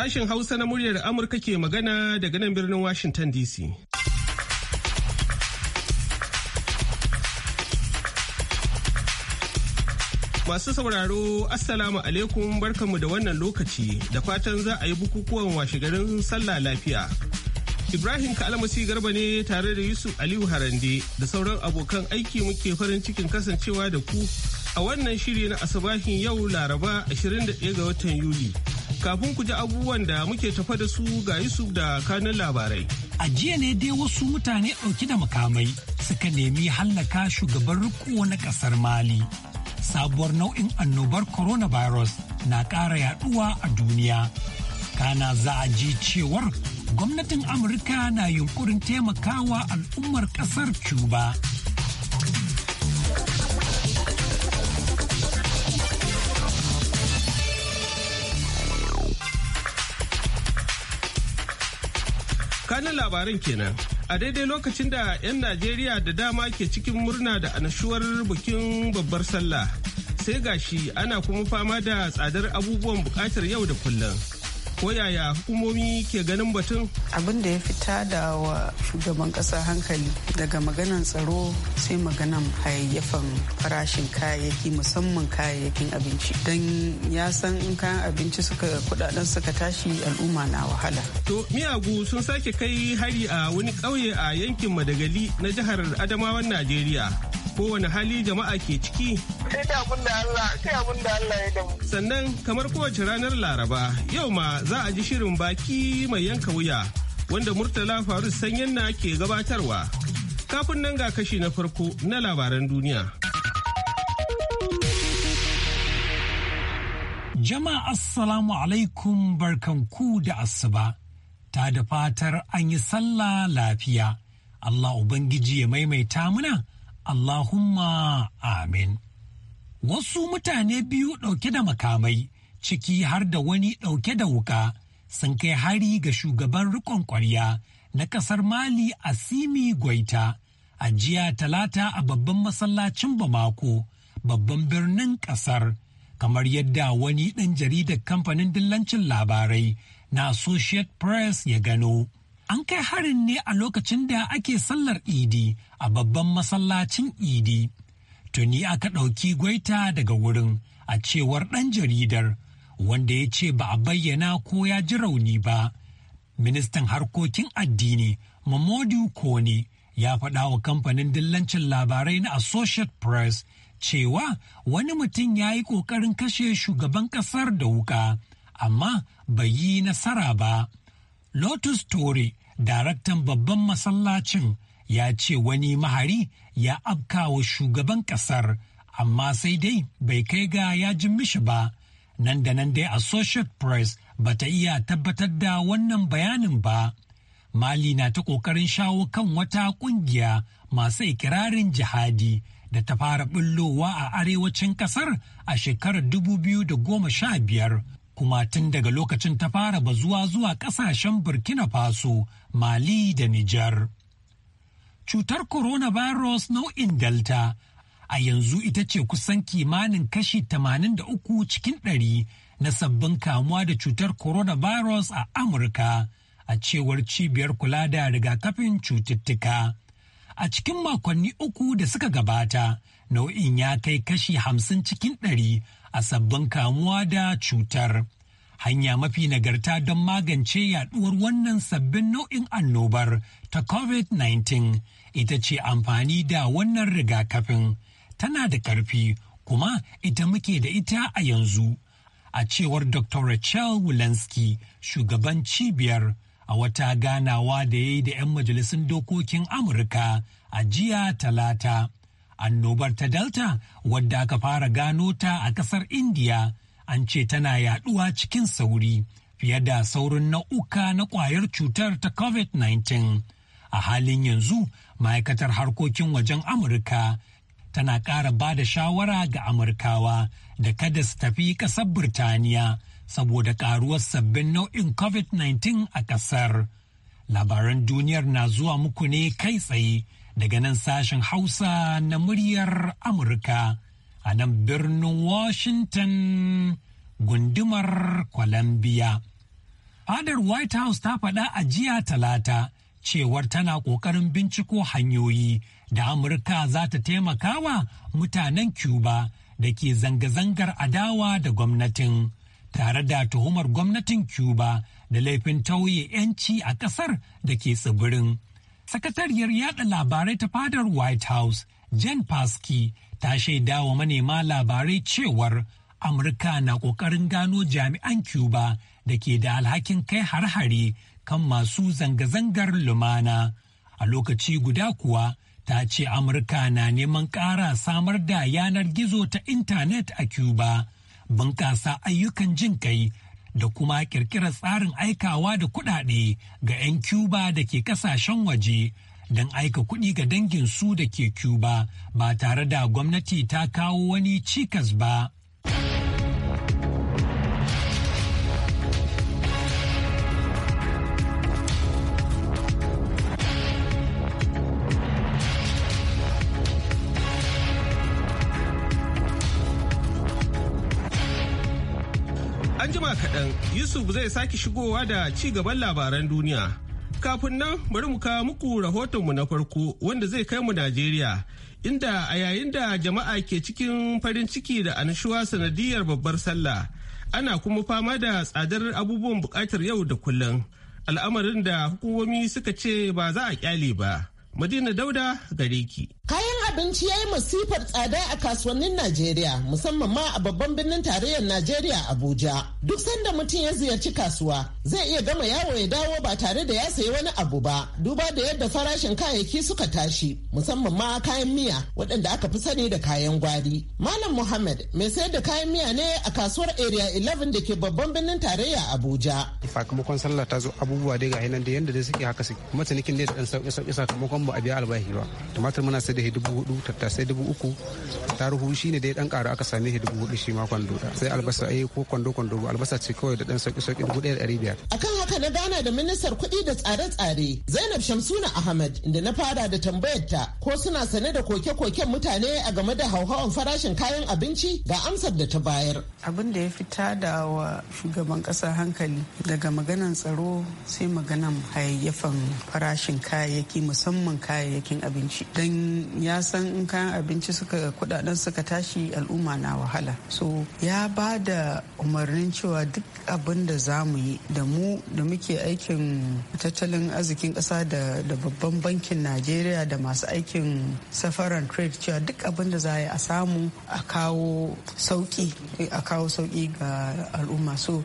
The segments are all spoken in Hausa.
Sashen Hausa na muryar Amurka ke magana daga nan birnin Washington DC. Masu sauraro, Assalamu alaikum barkanmu da wannan lokaci da fatan za a yi bukukuwan washegarin sallah lafiya. Ibrahim Kalmasi Garba ne tare da Yusuf Aliyu Harande da sauran abokan aiki muke farin cikin kasancewa da ku a wannan shiri na asabahin yau Laraba 21 ga watan Yuli. Kafin ku ji abubuwan da muke tafa da su ga Yusuf da kanun labarai. A jiya ne dai wasu mutane ɗauki da makamai suka nemi hallaka shugaban riko na ƙasar Mali. Sabuwar nau'in annobar coronavirus na ƙara yaɗuwa a duniya. Kana za a ji cewar gwamnatin Amurka na yunkurin taimakawa al'ummar ƙasar Cuba. kanin labaran kenan a daidai lokacin da 'yan najeriya da dama ke cikin murna da anashuwar bikin babbar sallah sai gashi ana kuma fama da tsadar abubuwan bukatar yau da kullum ko yaya hukumomi ke ganin batun abin da ya fita da wa shugaban kasa hankali daga maganan tsaro sai maganan hayayyafan farashin kayayyaki musamman kayayyakin abinci don ya san in kayan abinci suka kudaden suka tashi al'umma na wahala to miyagu sun sake kai hari a wani ƙauye a yankin madagali na jihar adamawan najeriya kowane hali jama'a ke ciki. Sai da Allah, sai da Allah ya damu. Sannan kamar kowace ranar Laraba, yau ma za a ji shirin baki mai yanka wuya wanda Murtala Faruk sanyinna na ke gabatarwa. Kafin nan ga kashi na farko na labaran duniya. Jama'a Assalamu alaikum barkanku da asuba. Ta da fatar an yi sallah lafiya. Allah Ubangiji ya maimaita muna Allahumma amin. Wasu mutane biyu ɗauke da makamai, ciki har da wani ɗauke da wuka, sun kai hari ga shugaban riƙon ƙwarya na ƙasar Mali a Simi Gwaita a jiya talata a babban masallacin Bamako, babban birnin ƙasar, kamar yadda wani ɗan jaridar kamfanin dillancin labarai na Associate Press ya gano. an kai harin ne a lokacin da ake sallar idi a babban masallacin idi tuni aka ɗauki gwaita daga wurin a cewar ɗan jaridar wanda ya ce ba a bayyana ko ya ji rauni ba ministan harkokin addini Mamadu kone ya faɗa wa kamfanin dillancin labarai na associate press cewa wani mutum ya yi ƙoƙarin kashe shugaban ƙasar da wuka amma bai yi nasara ba Lotus Tore, daraktan babban masallacin, ya ce wani mahari ya afkawa shugaban ƙasar, amma sai dai bai kai ga ya mishi ba. Nan da nan dai Associate Press ba ta iya tabbatar da wannan bayanin ba. Mali na ta ƙoƙarin shawo kan wata ƙungiya masu ikirarin jihadi da ta fara bullowa a arewacin ƙasar a shekarar 2015 kuma tun daga lokacin ta fara bazuwa zuwa kasashen burkina faso mali da nijar cutar coronavirus nau'in delta a yanzu ita ce kusan kimanin kashi 83 cikin 100 na sabbin kamuwa da cutar coronavirus a amurka a cewar cibiyar kula da rigakafin cututtuka a cikin makonni uku da suka gabata nau'in ya kai kashi hamsin cikin ɗari a sabbin kamuwa da cutar. Hanya mafi nagarta don magance yaɗuwar wannan sabbin nau'in annobar ta COVID-19 ita ce amfani da wannan rigakafin. Tana da ƙarfi kuma ita muke da ita a yanzu. A cewar Dr. Rachel Walensky, shugaban cibiyar a wata ganawa da ya yi da 'yan majalisun dokokin Amurka a jiya talata. Annobar ta Delta wadda aka fara gano ta a kasar India an ce tana yaduwa cikin sauri fiye da saurin nau'uka na kwayar cutar ta COVID-19. A halin yanzu ma'aikatar harkokin wajen Amurka tana ƙara ba da shawara ga Amurkawa da kada su tafi ƙasar Birtaniya saboda ƙaruwar sabbin nau'in COVID-19 a ƙasar. Labaran duniyar na zuwa muku ne kai tsaye daga nan sashen Hausa na muryar Amurka a nan birnin Washington gundumar Columbia. Fadar White House ta faɗa a jiya talata cewar tana ƙoƙarin binciko hanyoyi da Amurka za ta taimakawa mutanen Cuba da ke zanga-zangar adawa da gwamnatin. tare da tuhumar gwamnatin Cuba da laifin tauye 'yanci a ƙasar da ke tsibirin. Sakatariyar yada labarai ta fadar White House, Jen paski ta shaida wa manema labarai cewar Amurka na ƙoƙarin gano jami'an Cuba da ke da alhakin kai har hari kan masu zanga-zangar lumana. A lokaci guda kuwa, ta ce Amurka na neman ƙara samar da yanar gizo ta intanet a Cuba, bunƙasa ayyukan jin kai da kuma kirkirar tsarin aikawa da kuɗaɗe ga 'yan Cuba da ke ƙasashen waje don aika kuɗi ga dangin su da ke Cuba ba tare da gwamnati ta kawo wani cikas ba. Yusuf zai sake shigowa da ci gaban labaran duniya. Kafin nan bari mu kawo muku mu na farko wanda zai kai mu Najeriya. Inda a yayin da jama'a ke cikin farin ciki da annashuwa sanadiyar babbar sallah ana kuma fama da tsadar abubuwan bukatar yau da kullum. Al'amarin da hukumomi suka ce ba za a kyale ba. Madina Dauda gare ki. Kayan abinci ya yi masifar tsada a kasuwannin Najeriya musamman ma a babban birnin tarayyar Najeriya Abuja. Duk sanda mutum ya ziyarci kasuwa zai iya gama yawo ya dawo ba tare da ya sayi wani abu ba duba da yadda farashin kayayyaki suka tashi musamman ma kayan miya waɗanda aka fi sani da kayan gwari. Malam Muhammad mai sayar da kayan miya ne a kasuwar Area 11 da ke babban birnin tarayya Abuja. Sakamakon sallah ta zo abubuwa dai ga da yadda dai suke haka suke. Kuma ne da ɗan sauƙi-sauƙi sakamakon ba a biya albahi ba. Tumatir muna sai da dubu hudu tattasai dubu uku taruhu shi ne dai dan karu aka same shi dubu hudu shi ma kwando sai albasa eh ko kwando kwando albasa ce kawai da dan sauki sauki dubu ɗaya da ɗari biyar. akan haka na gana da ministar kuɗi da tsare-tsare zainab shamsuna ahmad da na fara da tambayar ta ko suna sane da koke-koken mutane a game da hauhawan farashin kayan abinci ga amsar da ta bayar. abin da ya fita da wa shugaban ƙasa hankali daga maganan tsaro sai maganan hayayyafan farashin kayayyaki musamman kayayyakin abinci don ya san in kayan abinci suka kudaden suka tashi al'umma na wahala so ya ba da umarnin cewa duk abin da za mu yi da mu da muke aikin tattalin arzikin ƙasa da babban bankin najeriya da masu aikin safaran trade cewa duk abin da za a yi a samu a kawo sauki kawo sauki ga al'umma so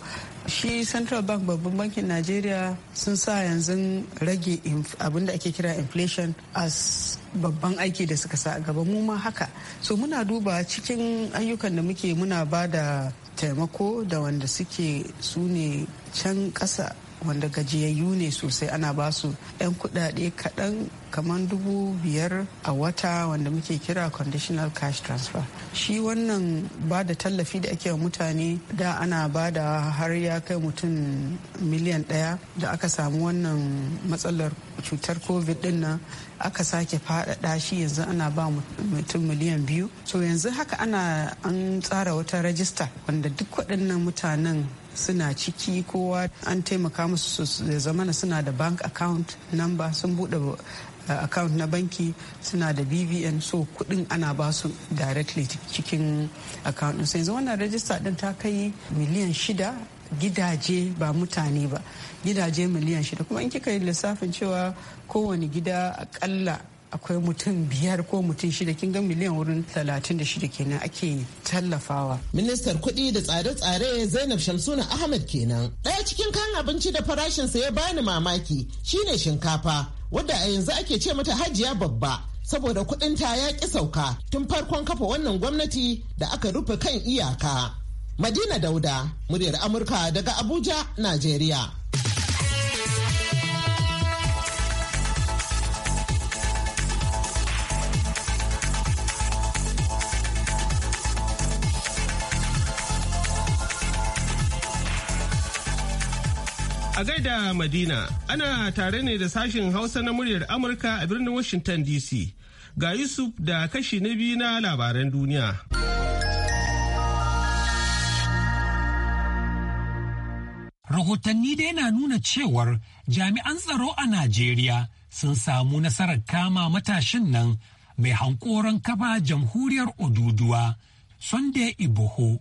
shi central bank babban bankin najeriya sun sa yanzu rage abin da ake kira inflation as babban aiki da suka sa a gaba mu ma haka so muna duba cikin ayyukan da muke muna ba da taimako da wanda suke su ne can ƙasa wanda gajiyayyu ne sosai ana ba su 'yan kuɗaɗe kaɗan kamar dubu biyar a wata wanda muke kira conditional cash transfer shi wannan ba da tallafi da ake wa mutane da ana ba da har ya kai mutum miliyan ɗaya da aka samu wannan matsalar cutar covid din nan aka sake faɗaɗa shi yanzu ana ba mutum miliyan biyu so yanzu haka ana an tsara wata rajista wanda duk waɗannan mutanen suna ciki kowa an taimaka musu su zamana suna da bank account number sun bude eh, account na banki suna da bbn so kudin ana ba su directly cikin account sai yanzu wannan register din ta kai miliyan shida gidaje ba mutane ba gidaje miliyan shida kuma in kika yi lissafin cewa kowane gida akalla akwai mutum biyar ko mutum shida kin ga miliyan wurin talatin da shida kenan ake tallafawa. Ministar kuɗi da tsare-tsare Zainab Shamsuna Ahmed kenan. Ɗaya cikin kan abinci da farashinsa ya bani mamaki shine shinkafa wadda a yanzu ake ce mata hajiya babba. saboda ta ya ƙi sauka tun farkon kafa wannan gwamnati da aka rufe kan iyaka. Madina Dauda, muryar Amurka daga Abuja, Najeriya. A gaida Madina, ana tare ne da sashen Hausa na muryar Amurka a birnin Washington DC. Ga Yusuf da kashi na biyu na labaran duniya. Rahotanni dai na nuna cewar jami'an tsaro a Najeriya sun samu nasarar kama matashin nan mai hankoron kafa jamhuriyar Oduduwa, Sunday Iboho,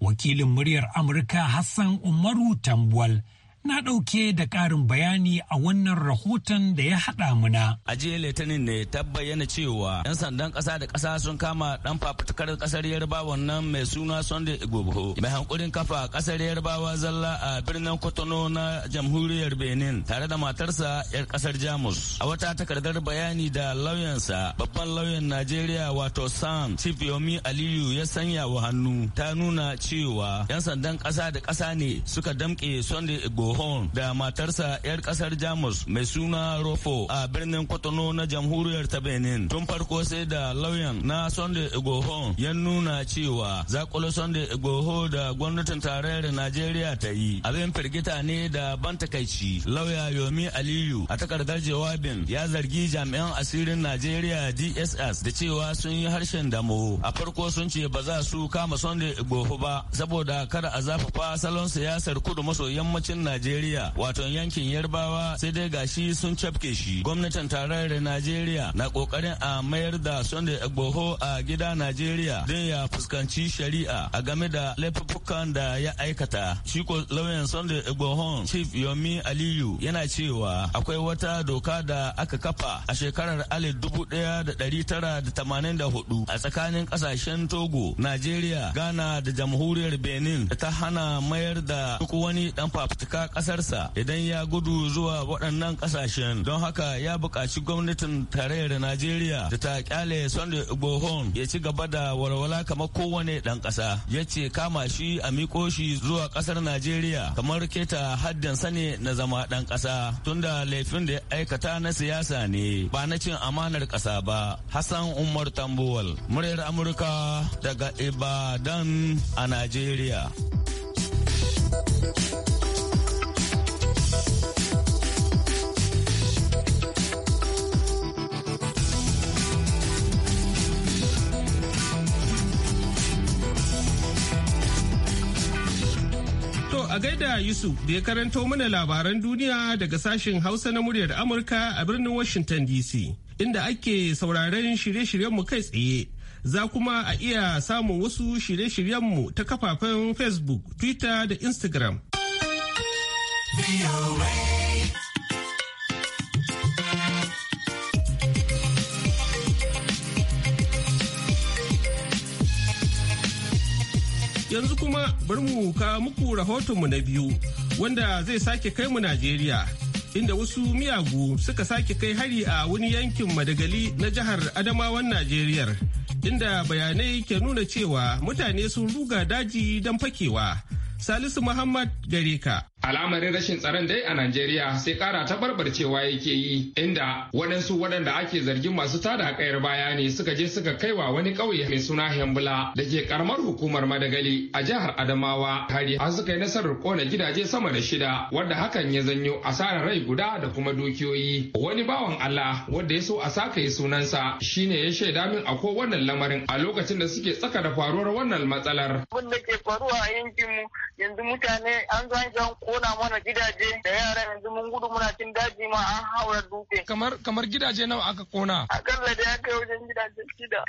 wakilin muryar Amurka Hassan Umaru Tambwal. na ɗauke da ƙarin bayani a wannan rahoton da ya haɗa muna. A jiya Litinin ne ta bayyana cewa 'yan sandan ƙasa da ƙasa sun kama ɗan fafutukar ƙasar Yarbawa nan mai suna Sunday Igboho mai hankulin kafa ƙasar Yarbawa zalla a birnin Kotono na jamhuriyar Benin tare da matarsa 'yar ƙasar Jamus. A wata takardar bayani da lauyansa babban lauyan Najeriya wato Sam Chief Yomi Aliyu ya sanya wa hannu ta nuna cewa 'yan sandan ƙasa da ƙasa ne suka damƙe Sunday Igboho Bohon da matarsa 'yar kasar Jamus mai suna Rofo a birnin Kotono na jamhuriyar ta Benin. Tun farko sai da lauyan na Sunday Igohon ya nuna cewa zakula Sunday Igoho da gwamnatin tarayyar Najeriya ta yi. Abin firgita ne da ban takaici. Lauya Yomi Aliyu a takardar jawabin ya zargi jami'an asirin Najeriya DSS da cewa sun yi harshen damo. A farko sun ce ba za su kama Sunday Igoho ba saboda kada a zafafa salon siyasar kudu maso yammacin Najeriya. Najeriya wato yankin Yarbawa sai dai gashi sun cafke shi. Gwamnatin tarayyar Najeriya na kokarin a mayar da Sunday Igboho a gida Najeriya don ya fuskanci shari'a a game da laifukan da ya aikata. Shi ko lauyan Sunday Igboho Chief Yomi Aliyu yana cewa akwai wata doka da aka kafa a shekarar 1984 a tsakanin ƙasashen Togo, Najeriya, Ghana da jamhuriyar Benin da ta hana mayar da duk wani ɗan fafutuka ƙasarsa idan ya gudu zuwa waɗannan ƙasashen don haka ya buƙaci gwamnatin tarayyar Najeriya da ta kyale Sunday Igbohon ya ci gaba da walwala kamar kowane ɗan ƙasa ya ce kama shi a miƙo shi zuwa ƙasar Najeriya kamar keta haddin sani na zama ɗan ƙasa tunda laifin da aikata na siyasa ne ba na cin amanar ƙasa ba Hassan Umar Tambuwal muryar Amurka daga Ibadan a Najeriya. a gaida Yusuf da ya karanto mana labaran duniya daga sashen Hausa na muryar Amurka a birnin Washington DC, inda ake sauraron shirye-shiryenmu kai tsaye. Za kuma a iya samun wasu shirye-shiryenmu ta kafafen Facebook, Twitter da Instagram. Yanzu kuma bari mu ka muku rahotonmu na biyu wanda zai sake kai mu Najeriya. Inda wasu miyagu suka sake kai hari a wani yankin Madagali na jihar Adamawan Najeriya. Inda bayanai ke nuna cewa mutane sun ruga daji don fakewa. Salisu Muhammad Gareka Al'amarin rashin tsaron dai a Najeriya sai kara ta barbarcewa yake yi inda waɗansu waɗanda ake zargin masu tada kayar baya ne suka je suka kaiwa wani ƙauye mai suna "hembula" da ke karamar hukumar Madagali a jihar Adamawa hari har suka yi nasarar kona gidaje sama da shida wanda hakan ya zanyo asarar rai guda da kuma dukiyoyi. Wani bawan Allah wanda ya so a saka yi sunansa shine ya shaida min a wannan lamarin a lokacin da suke tsaka da faruwar wannan matsalar. Abin da ke faruwa a yankinmu yanzu mutane an zo an kona mana gidaje da yara yanzu mun gudu muna cin daji ma an haura dutse. Kamar kamar gidaje nawa aka kona? Akalla da ya kai wajen gidaje shida.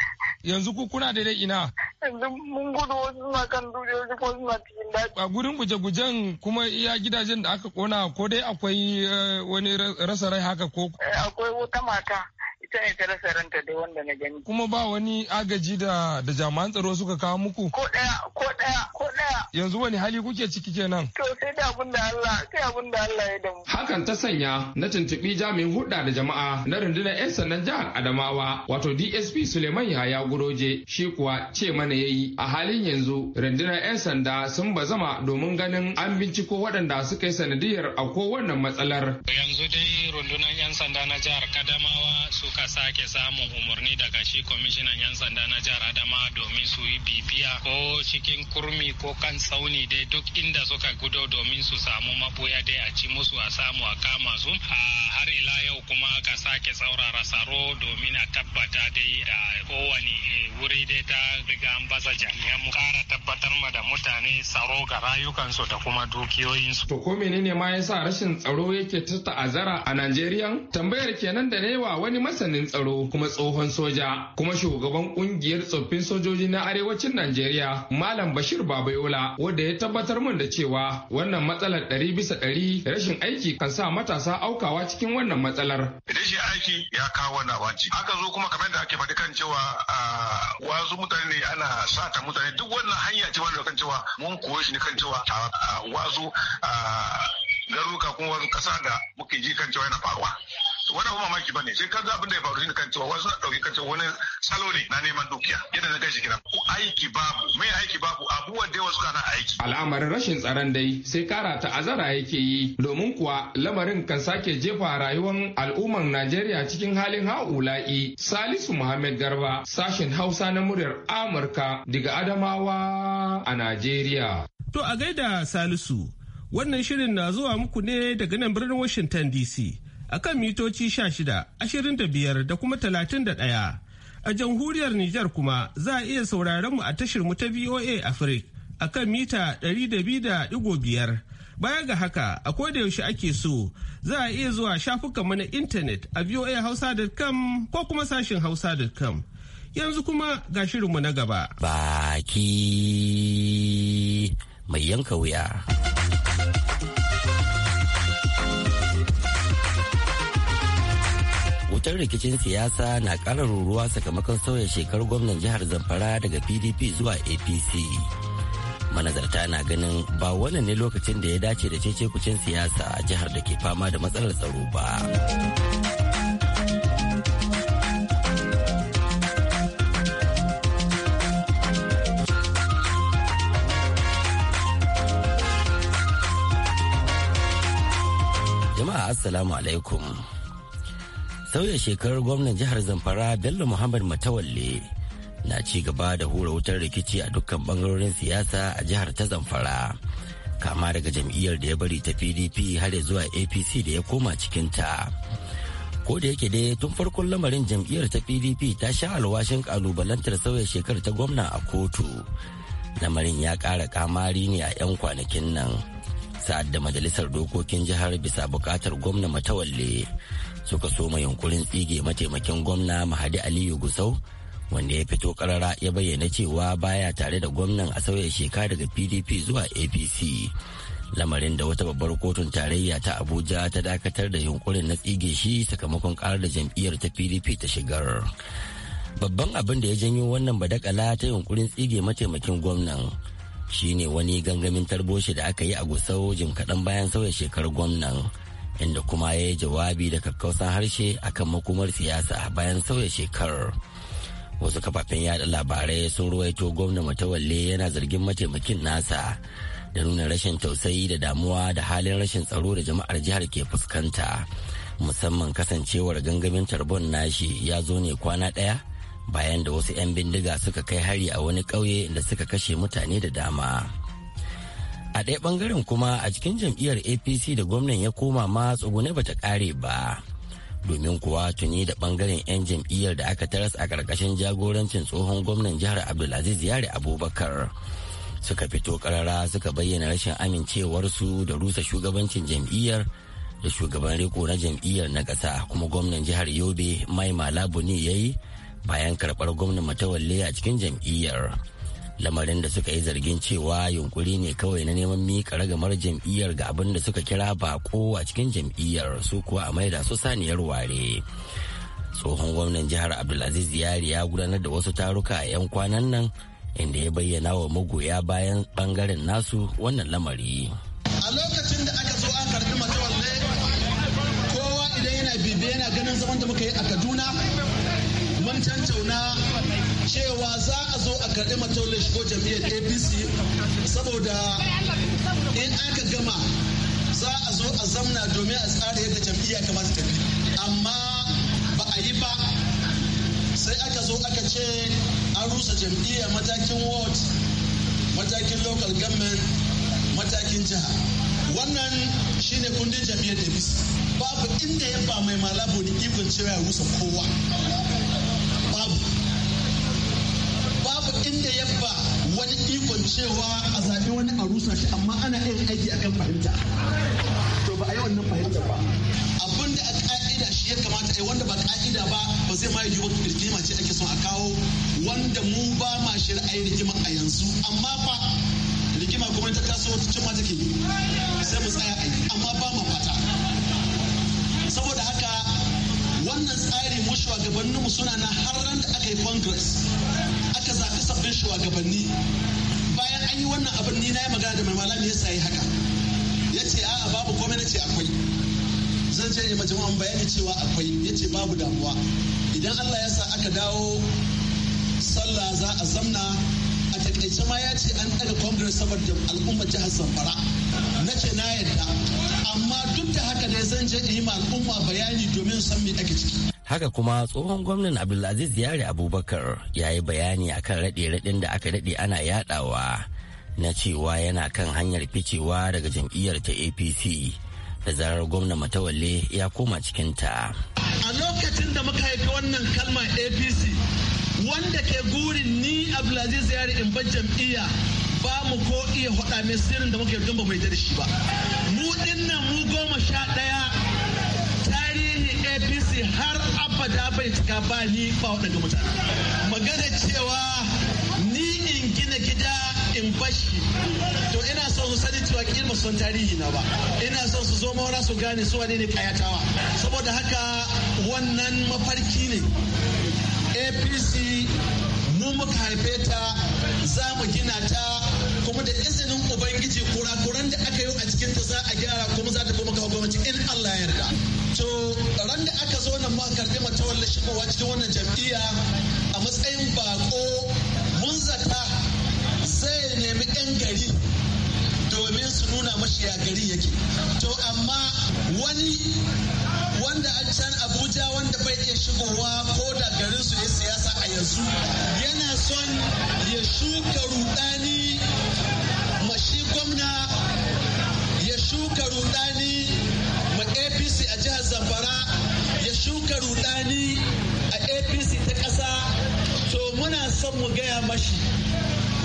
Yanzu ku kuna daidai ina? Yanzu mun gudu wasu suna kan dutse wasu kuma suna cikin daji. A gurin guje-gujen kuma iya gidajen da aka kona ko dai akwai eh, wani rasa rai haka ko? Eh, akwai wata mata. ita ne ta rasa ranta da wanda na gani. Kuma ba wani agaji da da jami'an tsaro suka kawo muku? Ko ɗaya, ko ɗaya, ko ɗaya. Yanzu wani hali kuke ciki kenan? To sai da abin da Allah, sai abin da Allah ya damu. Hakan ta sanya na tuntuɓi jami'in hulɗa da jama'a na rundunar 'yan sandan jihar Adamawa wato DSP Suleiman Yahaya Guroje shi kuwa ce mana ya yi. a halin yanzu rundunar 'yan sanda sun ba zama domin ganin an binciko waɗanda suka yi sanadiyar a kowannan matsalar. Yanzu dai rundunar 'yan sanda na jihar Kadamawa su suka sake samun umarni daga shi kwamishinan 'yan sanda na jihar Adama domin su yi bibiya ko cikin kurmi ko kan tsauni dai duk inda suka gudo domin su samu mabuya dai a ci musu a samu a kama su a har ila yau kuma ka sake tsaurara tsaro domin a tabbata dai da kowane eh, wuri dai ta riga an baza jami'an mu kara tabbatar ma da mutane tsaro ga rayukansu da kuma dukiyoyinsu. To ko menene ma yasa rashin tsaro yake ta ta'azara a Najeriya? Tambayar kenan da wa wani masanin tsaro kuma tsohon soja kuma shugaban kungiyar tsoffin sojoji na arewacin Najeriya Malam Bashir Babayola wanda ya tabbatar min da cewa wannan matsalar ɗari bisa ɗari rashin aiki kan sa matasa aukawa cikin wannan matsalar. Rashin aiki ya kawo wannan Haka zo kuma kamar da ake faɗi kan cewa ah, wasu mutane ne ana sata mutane duk wannan hanya ce wanda kan cewa mun koyi shi ne kan cewa a wazo garuka kuma wasu kasa da muke ji kan cewa yana faruwa wannan kuma mamaki bane sai kaga abin da ya faru shine kan cewa wasu dauki kan cewa wani salo ne na neman dukiya yadda na gashi kira ko aiki babu mai aiki babu abubuwan da wasu suka na aiki al'amarin rashin tsaron dai sai kara ta'azara yake yi domin kuwa lamarin kan sake jefa rayuwar al'ummar Najeriya cikin halin ha'ula'i Salisu Muhammad Garba sashen Hausa na muryar Amurka daga Adamawa a Najeriya to a gaida Salisu wannan shirin na zuwa muku ne daga nan birnin Washington DC akan mitoci 16, 25 da kuma 31. A jamhuriyar Nijar kuma za a iya sauraron mu a tashar mu ta VOA Africa akan mita 200.5. Baya ga haka, a da yaushe ake so za a iya zuwa shafukan mu na intanet a voahausa.com ko kuma sashin hausa.com. Yanzu kuma ga shirinmu na gaba. Baki mai yanka wuya. wutar rikicin siyasa na ƙara ruruwa sakamakon sauya shekarar gwamnan jihar zamfara daga pdp zuwa apc manazarta na ganin ba wannan ne lokacin da ya dace da cece siyasa a jihar da ke fama da matsalar tsaro ba jama'a assalamu alaikum sauya shekarar gwamnan jihar zamfara bello muhammad matawalle na ci gaba da hura wutar rikici a dukkan bangarorin siyasa a jihar ta zamfara kama daga jam'iyyar da ya bari ta pdp har zuwa apc da ya koma cikinta ko da yake dai tun farkon lamarin jam'iyyar ta pdp ta sha alwashin kalubalantar sauya shekarar ta gwamna a kotu lamarin ya kara kamari ne a 'yan kwanakin nan sa'ad da majalisar dokokin jihar bisa bukatar gwamna matawalle suka soma yunkurin tsige mataimakin gwamna mahadi aliyu gusau wanda ya fito karara ya bayyana cewa baya tare da gwamnan a sauya sheka daga pdp zuwa apc lamarin da wata babbar kotun tarayya ta abuja ta dakatar da yunkurin na tsige shi sakamakon karar da jam'iyyar ta pdp ta shigar babban abin da ya janyo wannan badakala ta yunkurin tsige mataimakin gwamnan shine wani gangamin tarboshi da aka yi a gusau jim kaɗan bayan sauya shekar gwamnan inda kuma ya yi jawabi da kakkausan harshe a kan makomar siyasa bayan sauya shekarar wasu kafafen yada labarai sun ruwaito gwamna matawalle yana zargin mataimakin nasa da nuna rashin tausayi da damuwa da halin rashin tsaro da jama'ar jihar ke fuskanta musamman kasancewar gangamin tarbon nashi ya zo ne kwana daya bayan da wasu 'yan bindiga suka kai hari a wani ƙauye da suka kashe mutane da dama. a ɗaya ɓangaren kuma a cikin jam'iyyar apc da gwamnan ya koma ma tsugune bata ƙare ba domin kuwa tuni da ɓangaren 'yan jam'iyyar da aka taras a ƙarƙashin jagorancin tsohon gwamnan jihar abdulaziz yare abubakar suka fito ƙarara suka bayyana rashin amincewarsu da rusa shugabancin jam'iyyar da shugaban riko na jam'iyyar na ƙasa kuma gwamnan jihar yobe mai malabu ne ya yi bayan karɓar gwamnan matawalle a cikin jam'iyyar lamarin da suka yi zargin cewa yunkuri ne kawai na neman mika ragamar jam'iyyar ga abin da suka kira bako a cikin jam'iyyar su kuwa a maida su saniyar ware tsohon gwamnan jihar abdulaziz yari ya gudanar da wasu taruka a 'yan kwanan nan inda ya bayyana wa magoya bayan bangaren nasu wannan lamari a lokacin da aka zo karbi matawalle kowa idan yana bibiya yana ganin zaman da muka yi a kaduna mun cancauna. cewa za a zo a karɗi mataulle shigo jam'iyyar apc saboda in aka gama za a zo a zamna domin a tsara yadda jam'iyya kamata ta amma ba a yi ba sai aka zo aka ce an rusa jam'iyya matakin ward matakin local government matakin jiha wannan shine kundin jam'iyyar apc babu inda ya ba mai malabo da ikon cewa ya rusa kowa wani ikon cewa a zaɓi wani a rusa shi amma ana yin aiki a kan fahimta to ba a yi wannan fahimta ba abinda a ka'ida shi ya kamata a wanda ba ka'ida ba ba zai ma yi yiwuwa rigima ce ake son a kawo wanda mu ba ma shi ra'ayi rigima a yanzu amma fa rigima kuma ta taso cikin cin ma take sai mu tsaya aiki amma ba ma fata shugabanninmu suna na har ran da aka yi congress aka zaɓi sabbin shugabanni bayan an yi wannan abin ni na yi magana da mai malami ya sayi haka ya ce a'a babu komai na ce akwai zan je yi majama'an bayani cewa akwai ya ce babu damuwa idan allah ya sa aka dawo sallah za a zamna a takaice ma ya ce an daga congress saboda al'ummar jihar zamfara na ce na yadda amma duk da haka dai zan je in yi ma al'umma bayani domin san me ake ciki haka kuma tsohon gwamnan abdulaziz yare abubakar ya yi bayani akan raɗe raɗin da aka daɗe ana yaɗawa na cewa yana kan hanyar ficewa daga jam'iyyar ta apc da zarar gwamna matawalle ya koma cikinta a lokacin da muka haifi wannan kalmar apc wanda ke gurin ni abdulaziz yare in bar jam'iyya ba mu ko iya faɗa mai sirrin da muke don ba bai da shi ba mu dinnan mu goma sha ɗaya apc har abada bai cika ba ni ba waɗanda mutane magana cewa ni in gina gida in bashi to ina son su sani cewa kirma son tarihi na ba ina son su zo maura su gane su wane ne kayatawa saboda haka wannan mafarki ne apc mu muka haife ta za mu gina ta kuma da izinin ubangiji kura kuran da aka yi a cikinta za a gyara kuma za ta kuma kawo gwamnati in allah ya yarda da da aka zo nan muka karbi matawallar shigowa cikin wannan jam'iyya a matsayin bako mun zata zai nemi 'yan gari domin su nuna mashi ya gari yake to amma wani wanda an can abuja wanda bai iya shigowa ko da garin su ya siyasa a yanzu yana son ya shuka rudani mashi gwamna ya shuka rudani zamfara ya shuka rudani a apc ta ƙasa to muna son mu gaya mashi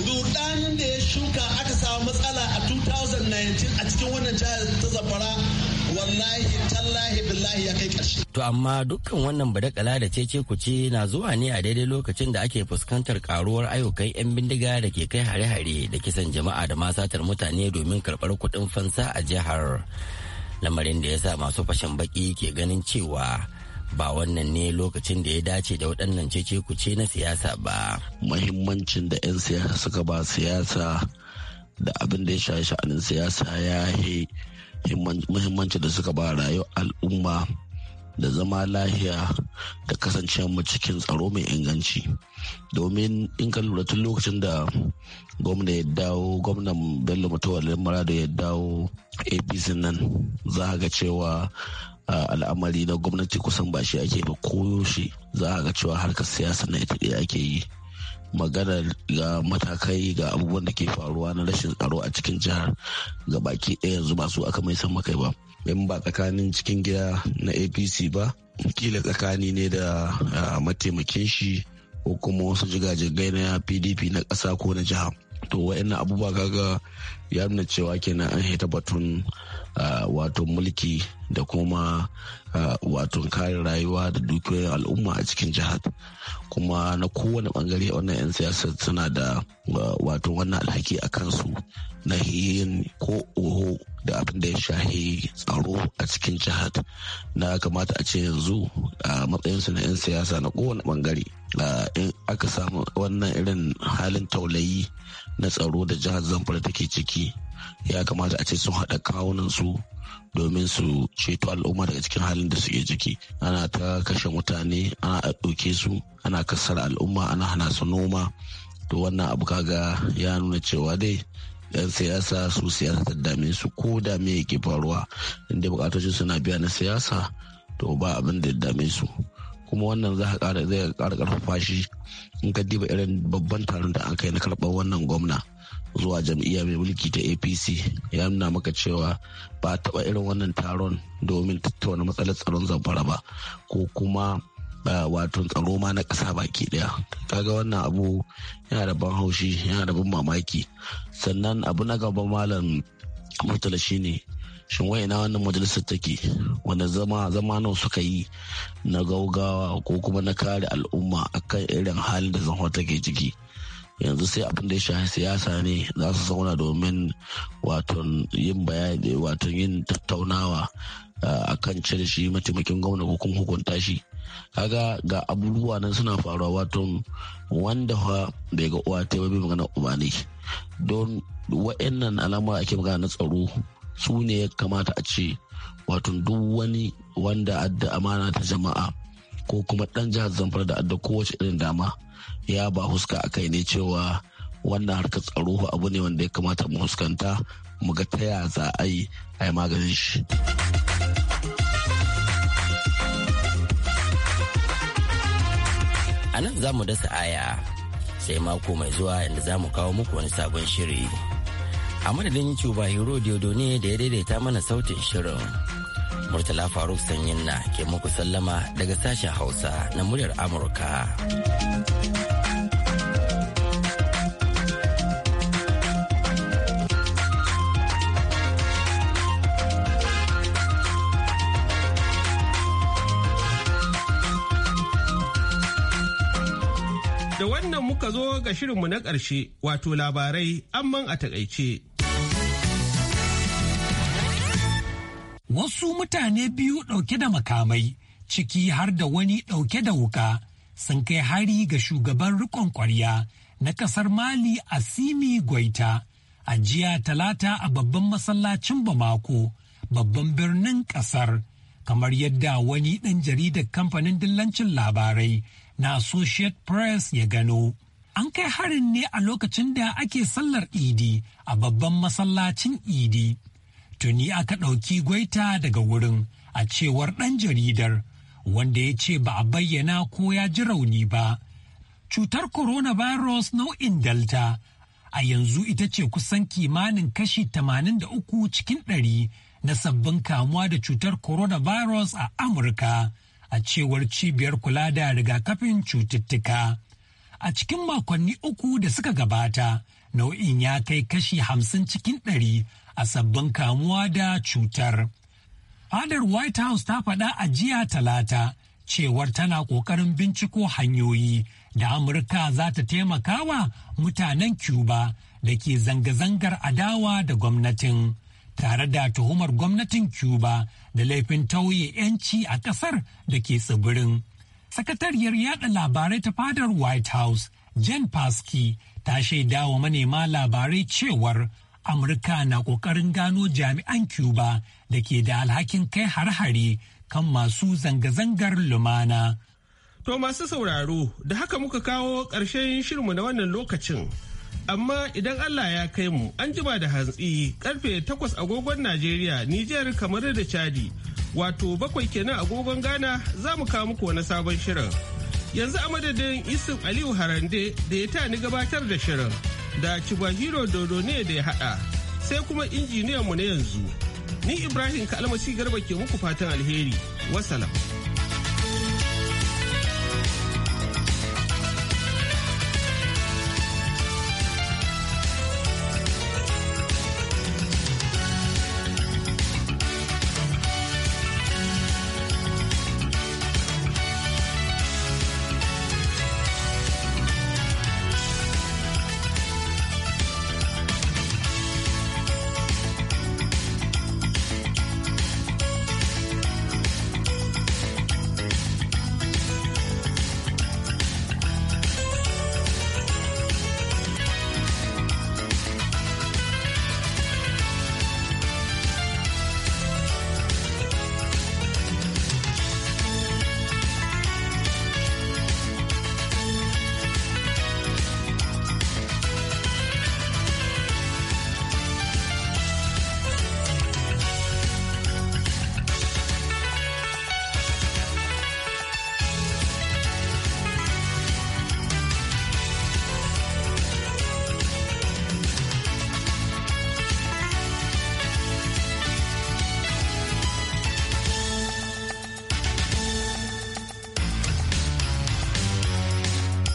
rudanin da ya shuka aka samu matsala a 2019 a cikin wannan jihar ta zamfara wallahi tallahi billahi ya kai ƙarshe. To amma dukkan wannan badakala da cece ce na zuwa ne a daidai lokacin da ake fuskantar karuwar ayyukan 'yan bindiga da ke kai hare-hare da kisan jama'a da masatar mutane domin karɓar kuɗin fansa a jihar. lamarin da ya sa masu fashin baki ke ganin cewa ba wannan ne lokacin da ya dace da waɗannan cece-kuce na siyasa ba. Muhimmancin da 'yan siyasa suka ba siyasa da abin da ya shafi sha'anin siyasa ya yi muhimmancin da suka ba rayuwar al'umma da zama lahiya da kasancewar mu cikin tsaro mai inganci domin in ka lura tun lokacin da gwamna ya dawo gwamnan bello mutuwar lamura da ya dawo apc nan za ga cewa al'amari na gwamnati kusan ba shi ake ba koyo shi za ga cewa harkar siyasa na ita ake yi magana ga matakai ga abubuwan da ke faruwa na rashin tsaro a cikin jihar ga baki ɗaya yanzu ba su aka mai san makai ba memba ba tsakanin cikin gida na apc ba kila tsakani ne da ah, mataimakin shi ko kuma wasu jigajigai na pdp na ƙasa ko na jiha to wa'annan abubuwa kaga ya nuna cewa kenan an hita batun wato mulki da kuma wato kare rayuwa da dukiyoyin al'umma a cikin jihar kuma na kowane bangare wannan 'yan siyasa suna da wato wannan alhaki a kansu na yin ko oho da abin da ya shahi tsaro a cikin jihar na kamata a ce yanzu a matsayinsu na 'yan siyasa na kowane bangare in aka samu wannan irin halin taulayi na tsaro da jihar zamfara take ciki ya kamata a ce sun haɗa kawunan su domin su ceto al'umma daga cikin halin da suke ciki ana ta kashe mutane ana ɗauke su ana kasar al'umma ana hana su noma to wannan abu kaga ya nuna cewa dai yan siyasa su siyasa ta dame su ko da me yake faruwa inda bukatocin suna biya na siyasa to ba abin da dame su kuma wannan za zai ƙara ƙarfafa shi in ka diba irin babban taron da aka yi na karɓar wannan gwamna zuwa jam'iyya mai mulki ta apc ya nuna maka cewa ba a taɓa irin wannan taron domin tattauna matsalar tsaron zamfara ba ko kuma wato tsaro ma na ƙasa baki ɗaya kaga wannan abu yana da ban haushi yana da ban mamaki sannan abu na gaba malam murtala shine shin wai na wannan majalisar take wanda zama zama nan suka yi na gaugawa ko kuma na kare al'umma akan irin halin da zanho take ciki yanzu sai abin da ya shafi siyasa ne za su zauna domin waton yin bayani waton yin tattaunawa a kan cire shi mataimakin gwamna ko kuma hukunta shi kaga ga abubuwa nan suna faruwa waton wanda fa bai ga uwa ta bai magana uba ne don wa'annan al'amura ake magana na tsaro su ne ya kamata a ce wato duk wani wanda adda amana ta jama'a ko kuma dan jihar zamfara da adda kowace irin dama ya ba huska a kai ne cewa wannan harkar tsaro abu ne wanda ya kamata mu huskanta mu ga ta yaya za a yi a yi maganin shi. A nan za mu dasa aya sai mako mai zuwa inda za mu kawo muku wani sabon shiri. a madadin cuba hero ne da ya daidaita mana sautin shirin murtala faruk sanyin na ke muku sallama daga sashen hausa na muryar amurka Da wannan muka zo ga shirinmu na ƙarshe wato labarai amman a takaice. wasu mutane biyu ɗauke da makamai ciki har da wani ɗauke da wuka sun kai hari ga shugaban rikon kwarya na ƙasar mali a Simi gwaita a jiya talata a babban masallacin bamako babban birnin ƙasar kamar yadda wani ɗan jaridar kamfanin dillancin labarai na associate press ya gano an kai harin ne a lokacin da ake sallar idi a babban masallacin idi tuni aka ɗauki gwaita daga wurin a cewar ɗan jaridar wanda ya ce ba a bayyana ko ya ji rauni ba. Cutar coronavirus nau'in Delta a yanzu ita ce kusan kimanin kashi 83 cikin ɗari na sabbin kamuwa da cutar coronavirus a Amurka a cewar cibiyar kula da rigakafin cututtuka. A cikin makonni uku da suka gabata, nau'in ya kai kashi hamsin cikin ɗari a sabbin kamuwa da cutar. Fadar White House ta faɗa a jiya talata cewar tana ƙoƙarin binciko hanyoyi da Amurka za ta taimakawa mutanen Cuba da ke zanga-zangar adawa da gwamnatin. Tare da tuhumar gwamnatin Cuba da laifin tauye 'yanci a ƙasar da ke tsibirin. Sakatariyar yada labarai ta fadar White House, Jen Paskey, ta shaidawa manema labarai cewar amurka na ƙoƙarin gano jami'an cuba da ke da alhakin kai har-hare kan masu zanga-zangar lumana to masu sauraro da haka muka kawo ƙarshen shirmu na wannan lokacin amma idan allah ya kai mu an jima da hantsi karfe takwas agogon najeriya nijar kamar da chadi wato bakwai kenan agogon ghana za mu kawo muku wani sabon shirin yanzu a madadin Isu aliyu harande da ya tani gabatar da shirin da Chibahiro Dodo ne da ya haɗa sai kuma injiniyanmu na yanzu. Ni Ibrahim Kalmasi Garba ke muku fatan alheri. Wasalam.